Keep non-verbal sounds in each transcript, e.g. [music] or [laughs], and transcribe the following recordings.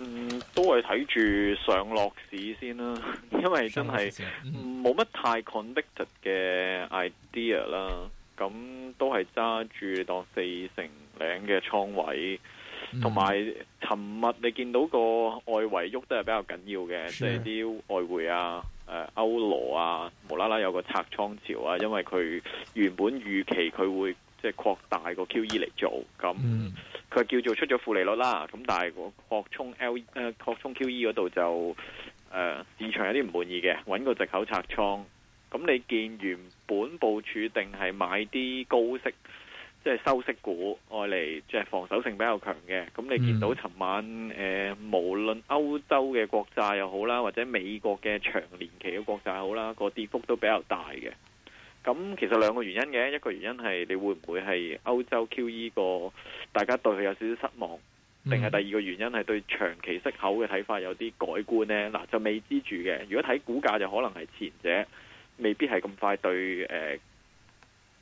嗯，都係睇住上落市先啦，因為真係冇乜太，太 convicted 嘅 idea 啦。咁都係揸住當四成領嘅倉位，同埋尋日你見到個外圍喐得係比較緊要嘅，即係啲外匯啊、誒、呃、歐羅啊，無啦啦有個拆倉潮啊，因為佢原本預期佢會即係擴大個 QE 嚟做咁。佢叫做出咗負利率啦，咁但係擴充 L 擴充 QE 嗰度就、呃、市場有啲唔滿意嘅，揾個藉口拆倉。咁你見原本部署定係買啲高息，即、就、係、是、收息股，愛嚟即係防守性比較強嘅。咁你見到尋晚、呃、無論歐洲嘅國債又好啦，或者美國嘅長年期嘅國債好啦，個跌幅都比較大嘅。咁其實兩個原因嘅，一個原因係你會唔會係歐洲 QE，個大家對佢有少少失望，定係第二個原因係對長期息口嘅睇法有啲改觀呢？嗱、啊，就未知住嘅。如果睇股價就可能係前者，未必係咁快對誒，即、呃、係、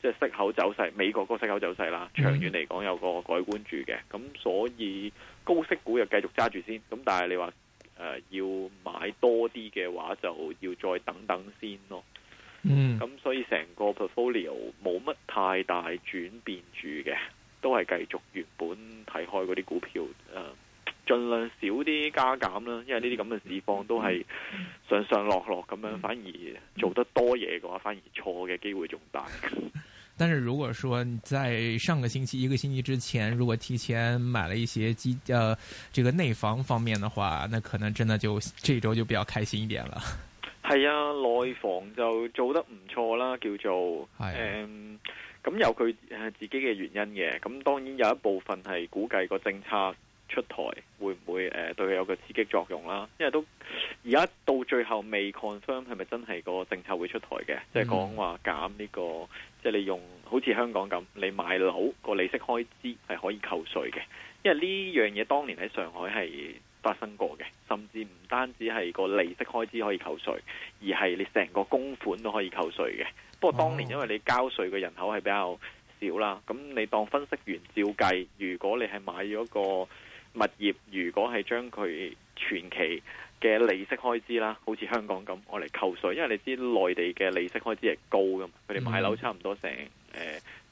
即係、息口走勢，美國個息口走勢啦，長遠嚟講有個改觀住嘅。咁所以高息股又繼續揸住先。咁但係你話、呃、要買多啲嘅話，就要再等等先咯。嗯，咁所以成個 portfolio 冇乜太大轉變住嘅，都係繼續原本睇開嗰啲股票，誒、呃，盡量少啲加減啦。因為呢啲咁嘅市況都係上上落落咁樣，反而做得多嘢嘅話，反而錯嘅機會仲大。但是，如果說在上個星期一個星期之前，如果提前買了一些機，誒、呃，這個內房方面嘅話，那可能真的就這周就比較開心一點了。係啊，內房就做得唔錯啦，叫做誒，咁、啊嗯、有佢自己嘅原因嘅。咁當然有一部分係估計個政策出台會唔會誒、呃、對佢有個刺激作用啦。因為都而家到最後未 confirm 係咪真係個政策會出台嘅，即係講話減呢、呢個，即、就、係、係、你用好似香港咁，你買樓個利息開支係可以扣稅嘅。因為呢樣嘢當年喺上海係發生過嘅，甚至唔單止係個利息開支可以扣稅，而係你成個公款都可以扣稅嘅。不過當年因為你交稅嘅人口係比較少啦，咁你當分析員照計，如果你係買咗個物業，如果係將佢全期嘅利息開支啦，好似香港咁，我嚟扣稅，因為你知內地嘅利息開支係高噶嘛，佢哋買樓差唔多成誒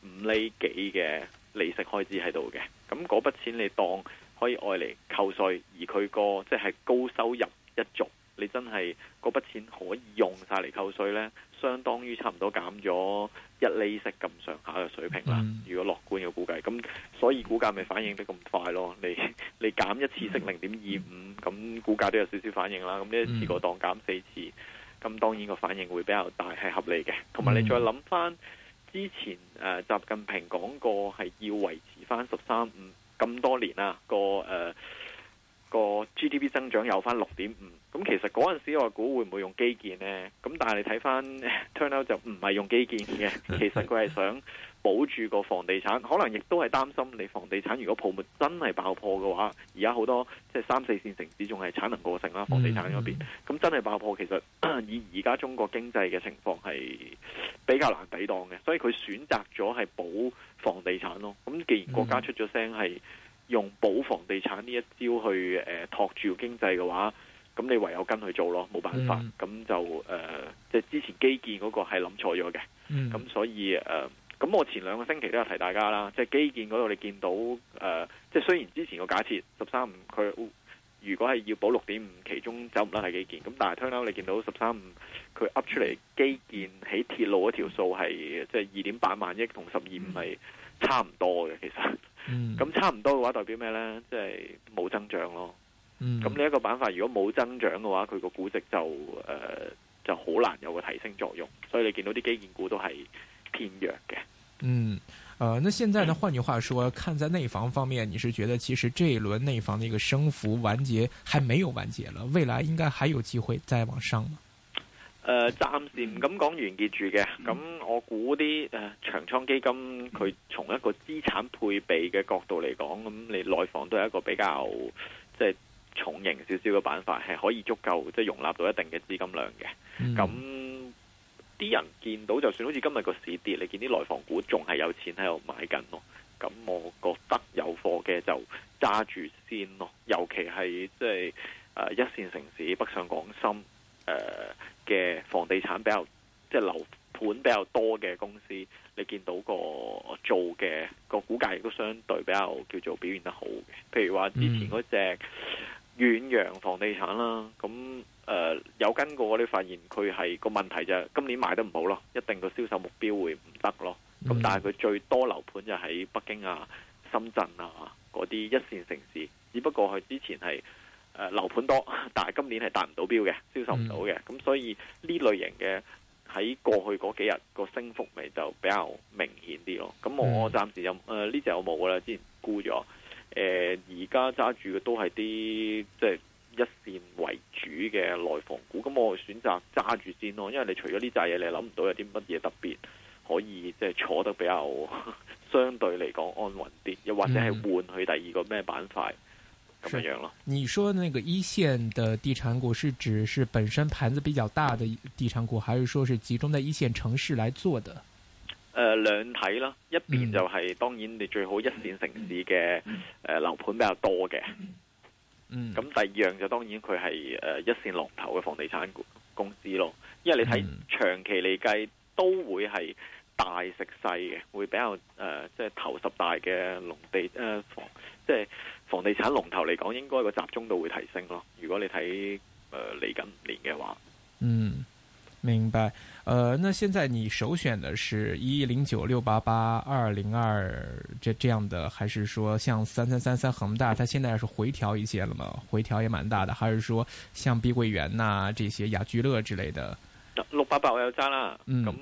五厘幾嘅利息開支喺度嘅，咁嗰筆錢你當。可以外嚟扣稅，而佢個即係高收入一族，你真係嗰筆錢可以用曬嚟扣稅呢，相當於差唔多減咗一厘息咁上下嘅水平啦、嗯。如果樂觀嘅估計，咁所以股價咪反應得咁快咯。你你減一次息零點二五，咁股價都有少少反應啦。咁呢一次過檔減四次，咁當然個反應會比較大，係合理嘅。同埋你再諗翻之前、呃、習近平講過係要維持翻十三五。咁多年啦，個、啊、誒、啊、個 GDP 增長有翻六點五，咁其實嗰陣時我估會唔會用基建呢？咁但係你睇翻、啊、turnout 就唔係用基建嘅，其實佢係想。保住個房地產，可能亦都係擔心你房地產如果泡沫真係爆破嘅話，而家好多即係三四線城市仲係產能過剩啦。房地產嗰邊咁真係爆破，其實以而家中國經濟嘅情況係比較難抵擋嘅，所以佢選擇咗係保房地產咯。咁既然國家出咗聲係用保房地產呢一招去誒、呃、托住經濟嘅話，咁你唯有跟佢做咯，冇辦法咁、嗯、就、呃、即係之前基建嗰個係諗錯咗嘅，咁、嗯、所以誒。呃咁我前兩個星期都有提大家啦，即係基建嗰度你見到、呃、即係雖然之前個假設十三五佢如果係要補六點五，其中走唔甩係基建。咁但係聽落你見到十三五佢噏出嚟基建喺鐵路嗰條數係即係二點八萬億同十二五係差唔多嘅，其實。咁、mm. 差唔多嘅話代表咩呢？即係冇增長咯。咁、mm. 呢一個板塊如果冇增長嘅話，佢個估值就、呃、就好難有個提升作用。所以你見到啲基建股都係偏弱嘅。嗯，呃那現在呢？換句話說，看在內房方面，你是覺得其實這一輪內房的一個升幅，完結還沒有完結了，未來應該還有機會再往上？誒、呃，暫時唔敢講完結住嘅，咁、嗯、我估啲誒長倉基金佢從一個資產配備嘅角度嚟講，咁你內房都係一個比較即係、就是、重型少少嘅板塊，係可以足夠即係、就是、容納到一定嘅資金量嘅，咁、嗯。啲人見到就算好似今日個市跌，你見啲內房股仲係有錢喺度買緊咯。咁我覺得有貨嘅就揸住先咯。尤其係即係一線城市北上廣深嘅房地產，比較即係樓盤比較多嘅公司，你見到個做嘅個股價亦都相對比較叫做表現得好嘅。譬如話之前嗰隻。嗯遠洋房地產啦，咁誒、呃、有跟過我哋發現佢係個問題就係今年賣得唔好咯，一定個銷售目標會唔得咯。咁但係佢最多樓盤就喺北京啊、深圳啊嗰啲一線城市，只不過佢之前係誒、呃、樓盤多，但係今年係達唔到標嘅，銷售唔到嘅。咁、嗯、所以呢類型嘅喺過去嗰幾日個升幅咪就比較明顯啲咯。咁我暫時有，誒呢隻我冇啦，之前沽咗。誒而家揸住嘅都係啲即係一線為主嘅內房股，咁我選擇揸住先咯。因為你除咗呢扎嘢，你諗唔到有啲乜嘢特別可以即係坐得比較相對嚟講安穩啲，又或者係換去第二個咩板塊咁、嗯、樣咯。你說那個一線嘅地產股是指是本身盤子比較大的地產股，還是說是集中在一線城市來做的？誒、呃，兩睇啦，一邊就係、是嗯、當然你最好一線城市嘅誒、嗯呃、樓盤比較多嘅，嗯，咁、嗯、第二樣就當然佢係誒一線龍頭嘅房地產公司咯，因為你睇、嗯、長期嚟計都會係大食細嘅，會比較誒即係頭十大嘅農地誒、呃、房，即、就、係、是、房地產龍頭嚟講，應該個集中度會提升咯。如果你睇誒嚟緊年嘅話，嗯。明白，呃，那現在你首選的是一一零九六八八二零二這這樣的，還是說像三三三三恒大，它現在是回調一些了嘛，回調也蠻大的，還是說像碧桂園呐、啊，這些雅居樂之類的？六八八我有揸啦，咁、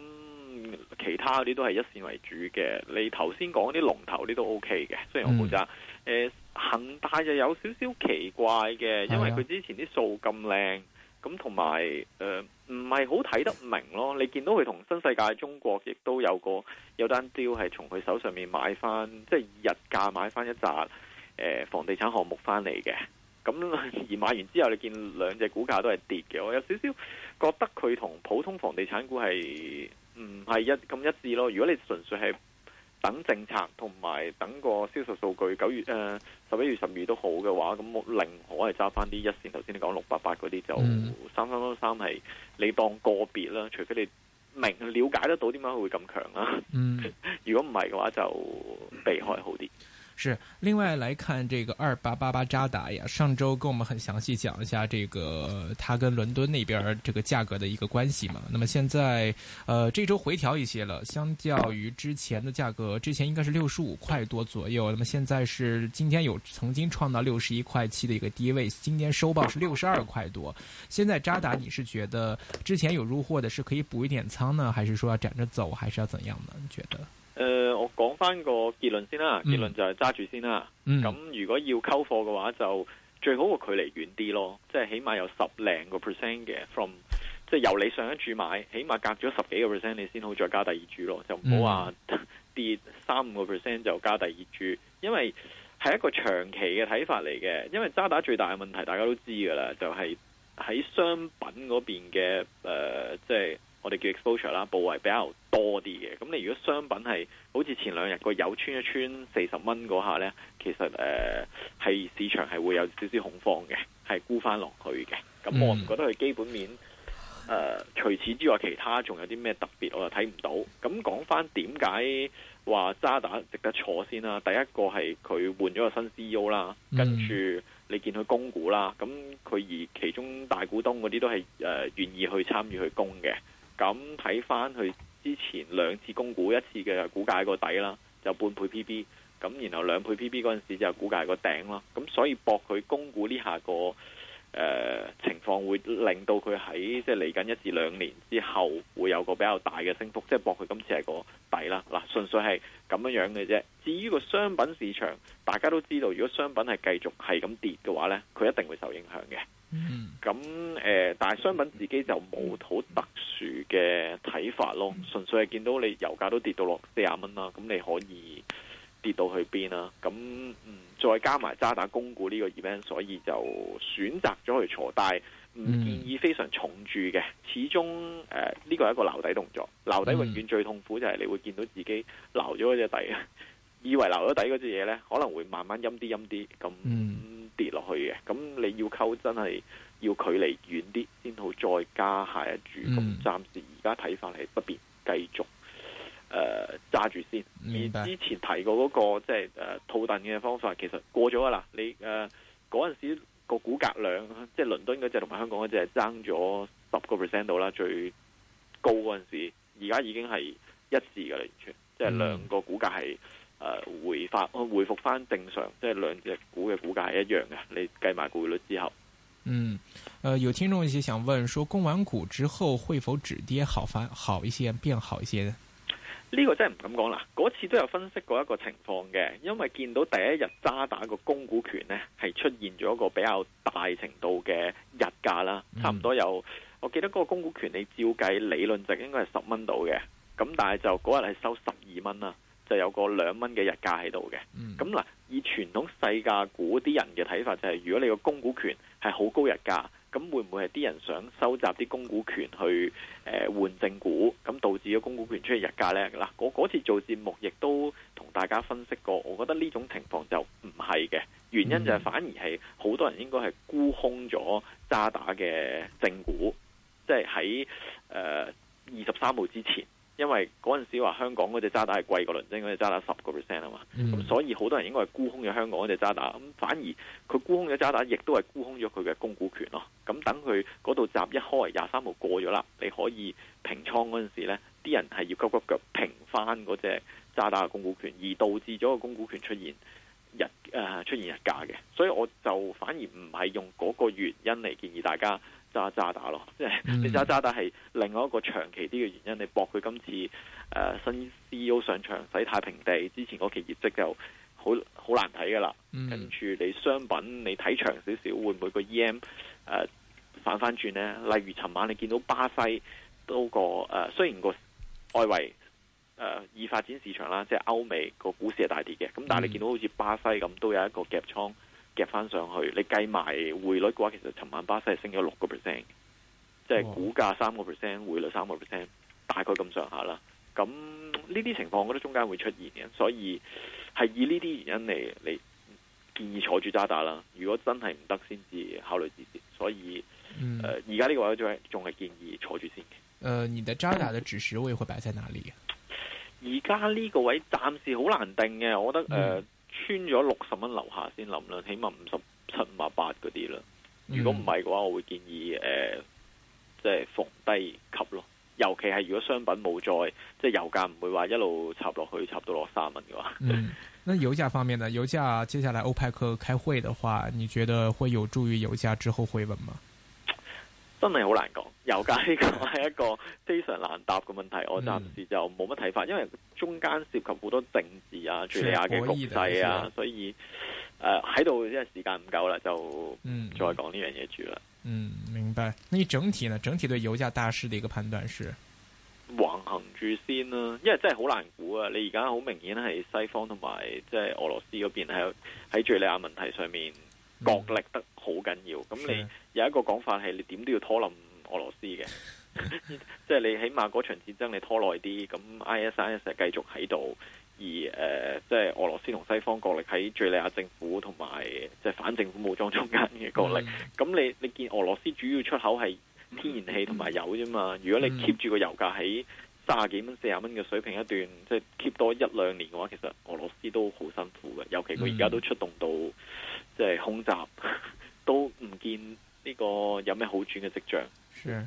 嗯、其他啲都係一線為主嘅。你頭先講啲龍頭啲都 OK 嘅，雖然我冇揸。誒、嗯呃，恒大又有少少奇怪嘅，因為佢之前啲數咁靚。咁同埋，誒唔係好睇得明咯。你見到佢同新世界中國亦都有個有單 deal 係從佢手上面買翻，即係日價買翻一紮，呃，房地產項目翻嚟嘅。咁而買完之後，你見兩隻股價都係跌嘅。我有少少覺得佢同普通房地產股係唔係一咁一致咯。如果你純粹係。等政策同埋等個銷售數據，九月誒，十一月十二月都好嘅話，咁我寧可係揸翻啲一線。頭先你講六八八嗰啲就三三三三，係你當個別啦，除非你明瞭解得到點解會咁強啦，嗯。如果唔係嘅話，就避開好啲。是，另外來看這個二八八八渣打呀，上周跟我們很詳細講一下這個它跟倫敦那邊這個價格的一個關係嘛。那麼現在，呃，這周回調一些了，相較於之前的價格，之前應該是六十五塊多左右，那麼現在是今天有曾經創到六十一塊七的一個低位，今天收報是六十二塊多。現在渣打，你是覺得之前有入貨的是可以補一點倉呢，還是說要斬着走，還是要怎樣呢？你覺得？誒、呃，我講翻個結論先啦，嗯、結論就係揸住先啦。咁、嗯、如果要溝貨嘅話，就最好個距離遠啲咯，即、就、係、是、起碼有十零個 percent 嘅 from，即係由你上一注買，起碼隔咗十幾個 percent 你先好再加第二注咯，就唔好話跌三五個 percent 就加第二注，因為係一個長期嘅睇法嚟嘅。因為渣打最大嘅問題大家都知噶啦，就係、是、喺商品嗰邊嘅誒，即係。我哋叫 exposure 啦，部位比較多啲嘅。咁你如果商品係好似前兩日個有穿一穿四十蚊嗰下呢，其實誒係、呃、市場係會有少少恐慌嘅，係沽翻落去嘅。咁我唔覺得佢基本面除、呃、此之外，其他仲有啲咩特別，我就睇唔到。咁講翻點解話渣打值得坐先啦、啊？第一個係佢換咗個新 CEO 啦，跟、嗯、住你見佢供股啦，咁佢而其中大股東嗰啲都係誒願意去參與去供嘅。咁睇翻佢之前兩次供股，一次嘅估價個底啦，就半倍 P/B，咁然後兩倍 P/B 嗰陣時就估價個頂啦，咁所以博佢供股呢下個。誒、呃，情況會令到佢喺即係嚟緊一至兩年之後會有個比較大嘅升幅，即係博佢今次係個底啦。嗱，純粹係咁樣樣嘅啫。至於個商品市場，大家都知道，如果商品係繼續係咁跌嘅話呢佢一定會受影響嘅。咁、嗯、誒、呃，但係商品自己就冇好特殊嘅睇法咯，純粹係見到你油價都跌到落四十蚊啦，咁你可以。跌到去邊啦？咁、嗯、再加埋渣打供股呢個 event，所以就選擇咗去坐，但係唔建議非常重注嘅、嗯。始終誒，呢個係一個撈底動作，撈底永遠最痛苦就係你會見到自己撈咗嗰隻底，啊、嗯，以為撈咗底嗰隻嘢呢可能會慢慢陰啲陰啲咁、嗯、跌落去嘅。咁你要溝真係要距離遠啲先好，再加下一注。嗯、暫時而家睇法係不必繼續。誒、呃、揸住先，而之前提過嗰、那個即係誒套戥嘅方法，其實過咗啊啦。你誒嗰陣時個股價量，即、就、係、是、倫敦嗰隻同埋香港嗰隻係爭咗十個 percent 度啦，最高嗰陣時候，而家已經係一致㗎喇，完全，即、就、係、是、兩個股價係誒回發回復返正常，即、就、係、是、兩隻股嘅股價係一樣嘅。你計埋匯率之後，嗯，誒、呃、有聽眾一些想問，說供完股之後會否止跌好，好返好一些，變好一些呢？呢、這個真係唔敢講啦！嗰次都有分析過一個情況嘅，因為見到第一日渣打個供股權呢，係出現咗一個比較大程度嘅溢價啦，差唔多有我記得嗰個供股權，你照計理論值應該係十蚊度嘅，咁但係就嗰日係收十二蚊啦，就有個兩蚊嘅溢價喺度嘅。咁、嗯、嗱，以傳統細價股啲人嘅睇法就係、是，如果你個供股權係好高溢價。咁會唔會係啲人想收集啲供股權去誒換正股？咁導致咗供股權出現日價呢？嗱，我嗰次做節目亦都同大家分析過，我覺得呢種情況就唔係嘅，原因就係反而係好多人應該係沽空咗渣打嘅正股，即係喺誒二十三號之前。嗰陣時話香港嗰隻渣打係貴過倫敦，嗰隻渣打十個 percent 啊嘛，咁、嗯、所以好多人應該係沽空咗香港嗰隻渣打，咁反而佢沽空咗渣打，亦都係沽空咗佢嘅供股權咯。咁等佢嗰度閘一開廿三號過咗啦，你可以平倉嗰陣時咧，啲人係要急急腳平翻嗰隻渣打嘅供股權，而導致咗個供股權出現日誒、呃、出現日價嘅，所以我就反而唔係用嗰個原因嚟建議大家。渣渣打咯，即係你渣渣打係另外一個長期啲嘅原因。你搏佢今次誒、呃、新 C.E.O 上場洗太平地，之前嗰期業績就好好難睇噶啦。跟、嗯、住你商品你睇長少少，會唔會個 E.M 誒、呃、反翻轉呢？例如尋晚你見到巴西都個誒、呃，雖然個外圍誒已、呃、發展市場啦，即係歐美個股市係大跌嘅，咁但係你見到好似巴西咁都有一個夾倉。.夾翻上去，你計埋匯率嘅話，其實尋晚巴西係升咗六個 percent，即係股價三個 percent，匯率三個 percent，大概咁上下啦。咁呢啲情況，我覺得中間會出現嘅，所以係以呢啲原因嚟，你建議坐住渣打啦。如果真係唔得，先至考慮止蝕。所以，誒而家呢個位仲係建議坐住先嘅。誒、呃，你的渣打的止蝕位會擺在哪裏？而家呢個位暫時好難定嘅，我覺得誒。呃嗯穿咗六十蚊樓下先諗啦，起碼五十七五十八嗰啲啦。如果唔係嘅話，我會建議誒，即、呃、係、就是、逢低吸咯。尤其係如果商品冇再，即、就、係、是、油價唔會話一路插落去插到落三蚊嘅話、嗯。那油價方面呢？油價接下來歐佩克開會嘅話，你覺得會有助於油價之後回穩嗎？真係好難講，油價呢個係一個非常難答嘅問題，我暫時就冇乜睇法，嗯，因為中間涉及好多政治啊、敍利亞嘅局勢啊，所以誒喺度因為時間唔夠啦，就再這件事了嗯唔再講呢樣嘢住啦。嗯，明白。那個，整體呢？整體對油價大勢嘅一個判斷是橫行住先啦，啊，因為真係好難估啊。你而家好明顯係西方同埋即係俄羅斯嗰邊喺喺敍利亞問題上面。角力得好緊要，咁你有一個講法係你點都要拖冧俄羅斯嘅， [laughs] 即係你起碼嗰場戰爭你拖耐啲，咁 ISIS 繼續喺度，而、呃、即係俄羅斯同西方角力喺敍利亞政府同埋即係反政府武裝中間嘅角力，咁 [laughs] 你你見俄羅斯主要出口係天然氣同埋油啫嘛，如果你 keep 住個油價喺三十幾蚊、四十蚊嘅水平一段，即係 keep 多一兩年嘅話，其實俄羅斯都好辛苦嘅，尤其佢而家都出動到即係、嗯、空襲，都唔見呢個有咩好轉嘅跡象。Sure.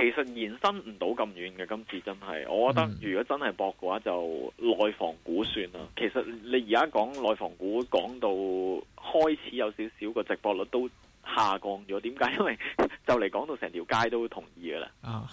其實延伸唔到咁遠嘅，今次真係，我覺得如果真係博嘅話，就內房股算啦。嗯、其實你而家講內房股講到開始有少少個值博率都下降咗，點解？因為就嚟講到成條街都同意嘅啦。咁、oh,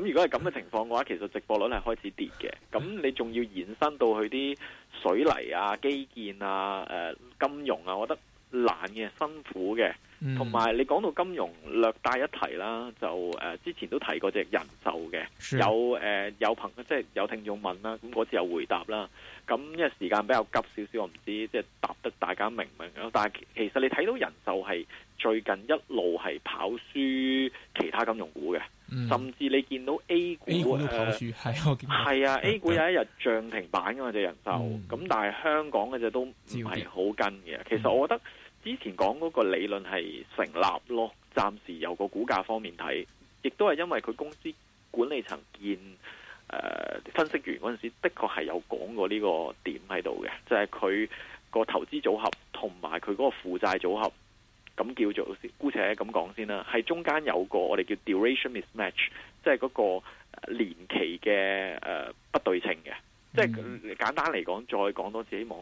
sure. [laughs] 如果係咁嘅情況嘅話，其實值博率係開始跌嘅。咁你仲要延伸到去啲水泥啊、基建啊、呃、金融啊，我覺得難嘅、辛苦嘅。同、嗯、埋你講到金融略帶一提啦，就誒、呃、之前都提過隻人壽嘅，有誒、呃、有朋友即係有聽眾問啦，咁嗰次有回答啦。咁因為時間比較急少少，我唔知即係答得大家明唔明咯。但係其實你睇到人壽係最近一路係跑輸其他金融股嘅，嗯，甚至你見到 A 股誒，係、呃、我係啊 A 股有一日漲停板㗎嘛，隻人壽，咁、嗯、但係香港嗰隻都唔係好跟嘅。其實我覺得。之前講嗰個理論係成立咯，暫時有個股價方面睇，亦都係因為佢公司管理層見誒、呃、分析員嗰陣時，的確係有講過呢個點喺度嘅，就係佢個投資組合同埋佢嗰個負債組合，咁叫做姑且咁講先啦，係中間有個我哋叫 duration mismatch，即係嗰個年期嘅誒、呃、不對稱嘅。即、就、係、是、簡單嚟講，再講多次希望，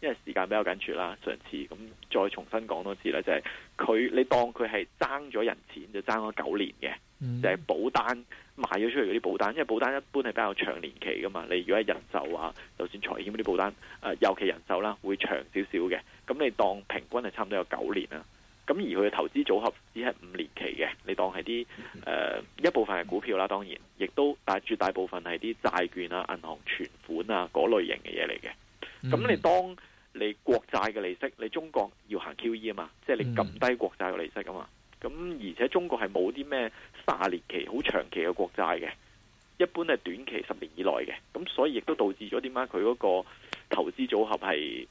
因為時間比較緊促啦。上次咁再重新講多次啦，就係、是、佢你當佢係爭咗人錢，就爭咗九年嘅，就係、是、保單賣咗出去嗰啲保單，因為保單一般係比較長年期噶嘛。你如果係人壽啊，就算財險嗰啲保單，誒、呃、尤其人壽啦，會長少少嘅。咁你當平均係差唔多有九年啦。咁而佢嘅投資組合只係五年期嘅，你當係啲一、呃、一部分係股票啦，當然，亦都但係絕大部分係啲債券啊、銀行存款啊嗰類型嘅嘢嚟嘅。咁你當你國債嘅利息，你中國要行 QE 啊嘛，即係你撳低國債嘅利息啊嘛？咁而且中國係冇啲咩卅年期好長期嘅國債嘅，一般係短期十年以內嘅。咁所以亦都導致咗點解，佢嗰個投資組合係。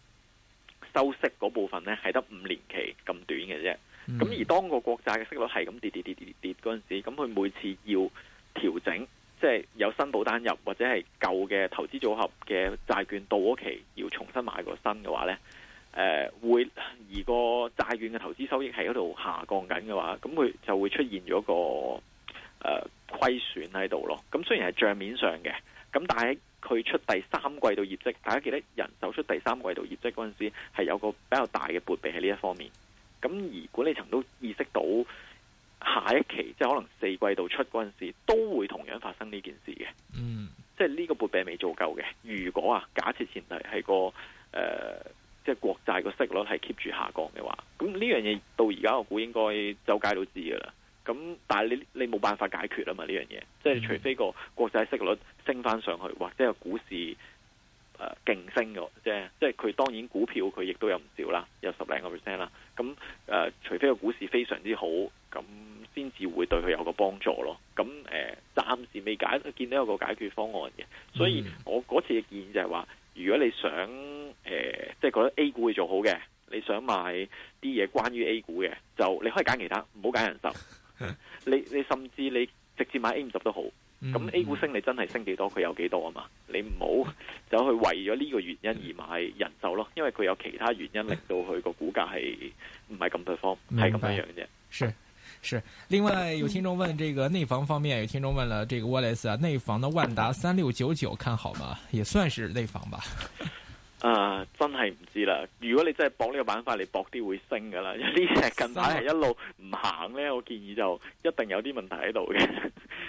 休息嗰部分咧，係得五年期咁短嘅啫。咁、嗯、而當個國債嘅息率係咁跌跌跌跌跌嗰陣時，咁佢每次要調整，即、就、係、是、有新保單入或者係舊嘅投資組合嘅債券到期要重新買個新嘅話咧，誒、呃、會而個債券嘅投資收益係喺度下降緊嘅話，咁佢就會出現咗個誒、呃、虧損喺度咯。咁雖然係帳面上嘅，咁但係。佢出第三季度業績，大家記得人走出第三季度業績嗰陣時，係有個比較大嘅撥備喺呢一方面。咁而管理層都意識到下一期，即係可能四季度出嗰陣時，都會同樣發生呢件事嘅。嗯，即係呢個撥備未做夠嘅。如果啊，假設前提係個誒，即係國債個息率係 keep 住下降嘅話，咁呢樣嘢到而家我估應該周街都知噶啦。咁、嗯、但係你你冇辦法解決啊嘛呢樣嘢，即係除非個國際息率升翻上去，或者個股市誒勁、呃、升咗，即係即係佢當然股票佢亦都有唔少啦，有十零個 percent 啦。咁誒、呃，除非個股市非常之好，咁先至會對佢有個幫助咯。咁誒，暫、呃、時未解見到有個解決方案嘅。所以我嗰次嘅建議就係話，如果你想誒、呃、即係覺得 A 股會做好嘅，你想買啲嘢關於 A 股嘅，就你可以揀其他，唔好揀人壽。 [laughs] [noise] 你你甚至你直接買 A 五十都好，咁 A 股升你真係升幾多佢、嗯、有幾多啊嘛？你唔好走去為咗呢個原因而買人壽咯，因為佢有其他原因令到佢個股價係唔係咁對方，係咁樣樣啫。是是，是，另外有聽眾問這個內房方面，有聽眾問了，這個 Wallace 啊，內房的萬達三六九九看好嗎？也算是內房吧。 [laughs] 誒、啊，真係唔知啦。如果你真係搏呢個板塊嚟搏啲，會升噶啦。因為呢隻近排係一路唔行咧，我建議就一定有啲問題喺度嘅，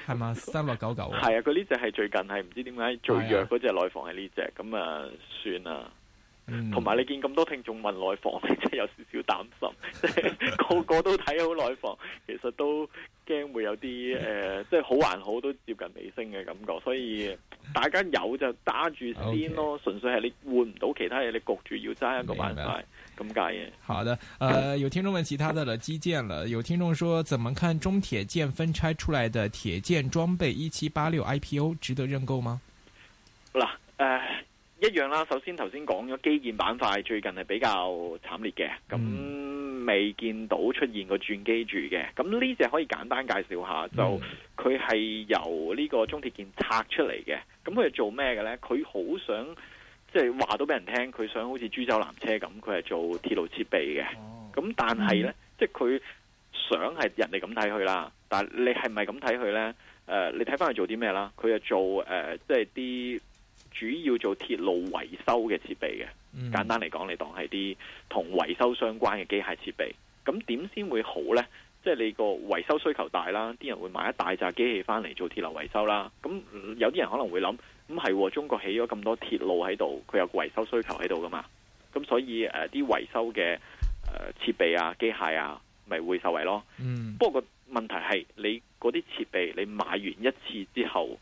係嘛，三六九九。係啊，佢呢隻係最近係唔知點解最弱嗰隻內房係呢隻，咁啊算啦。同、嗯、埋你見咁多聽眾問內房，真係有少少擔心，即 [laughs] 係 [laughs] 個個都睇好內房，其實都驚會有啲誒，即 [laughs] 係、呃就是、好還好都接近尾聲嘅感覺，所以大家有就揸住先咯，純、okay. 粹係你換唔到其他嘢，你焗住要揸一個板塊。咁解嘅。好的，誒、呃，有聽眾問其他的啦，基建啦，有聽眾說，怎麼看中鐵建分拆出來的鐵建裝備一七八六 IPO 值得認購嗎？好、啊、啦，誒、呃。一樣啦，首先頭先講咗基建板塊最近係比較慘烈嘅，咁、嗯、未見到出現個轉機住嘅。咁呢隻可以簡單介紹下，就佢係、嗯、由呢個中鐵建拆出嚟嘅。咁佢係做咩嘅呢？佢好想即係話到俾人聽，佢想好似株洲南車咁，佢係做鐵路設備嘅。咁、哦、但係呢，嗯、即係佢想係人哋咁睇佢啦。但係你係唔係咁睇佢呢？誒、呃，你睇翻佢做啲咩啦？佢係做、誒、即係啲。呃就是主要做鐵路維修嘅設備嘅，簡單嚟講，你當係啲同維修相關嘅機械設備。咁點先會好呢？即係你個維修需求大啦，啲人會買一大紮機器翻嚟做鐵路維修啦。咁有啲人可能會諗，咁係中國起咗咁多鐵路喺度，佢有維修需求喺度噶嘛？咁所以誒，啲維修嘅誒設備啊、機械啊，咪會受惠咯。嗯，不過問題係，你嗰啲設備你買完一次之後。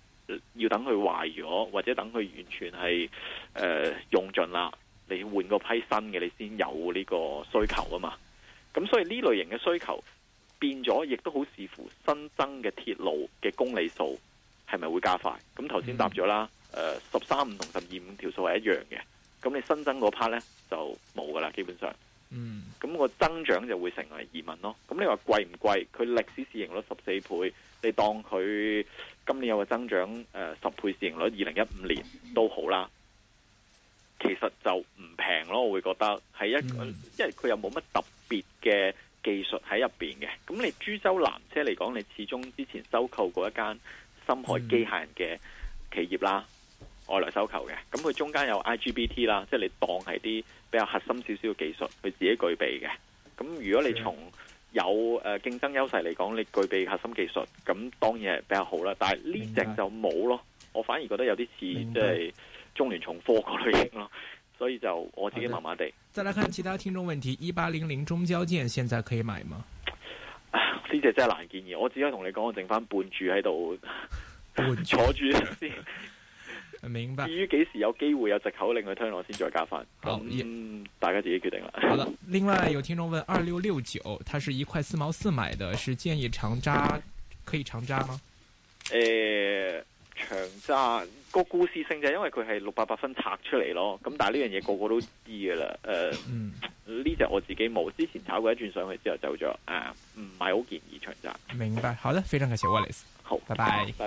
要等佢壞咗，或者等佢完全係誒、呃、用盡啦，你換個批新嘅，你先有呢個需求啊嘛。咁所以呢類型嘅需求變咗，亦都好視乎新增嘅鐵路嘅公里數係咪會加快。咁頭先答咗啦，誒十三五同十二五條數係一樣嘅，咁你新增嗰 part 咧就冇㗎啦，基本上。嗯，咁、那個增長就會成為疑問咯。咁、嗯、你話貴唔貴？佢歷史市盈率十四倍，你當佢今年有個增長誒十、呃、倍市盈率，二零一五年都好啦。其實就唔平咯，我會覺得係一個，嗯、因為佢又冇乜特別嘅技術喺入邊嘅。咁你株洲南車嚟講，你始終之前收購過一間深海機械人嘅企業啦、嗯，外來收購嘅。咁佢中間有 IGBT 啦，即係你當係啲。比較核心少少嘅技術，佢自己具備嘅。咁如果你從有誒競爭優勢嚟講，你具備核心技術，咁當然係比較好啦。但係呢隻就冇咯，我反而覺得有啲似即係中聯重科嗰類型咯。所以就我自己麻，啊，麻地。再睇下其他聽眾問題：一八零零中交建現在可以買嗎？呢，啊，隻真係難建議，我只可同你講，我剩翻半注喺度坐住先。 [laughs] 明白。至於幾時有機會有只口令去聽我先再加翻，好，嗯，大家自己決定啦。好的，另外有聽眾問二六六九，2669，它是一塊四毛四買的，是建議長揸，可以長揸嗎？誒、呃，長揸、個故事性就因為佢係六八八分拆出嚟咯，咁但係呢樣嘢個個都知噶啦。誒、呃，呢、嗯、隻我自己冇，之前炒過一轉上去之後走咗，啊，唔係好建議長揸。明白，好的，非常感謝 Wallace，好，拜拜。拜拜。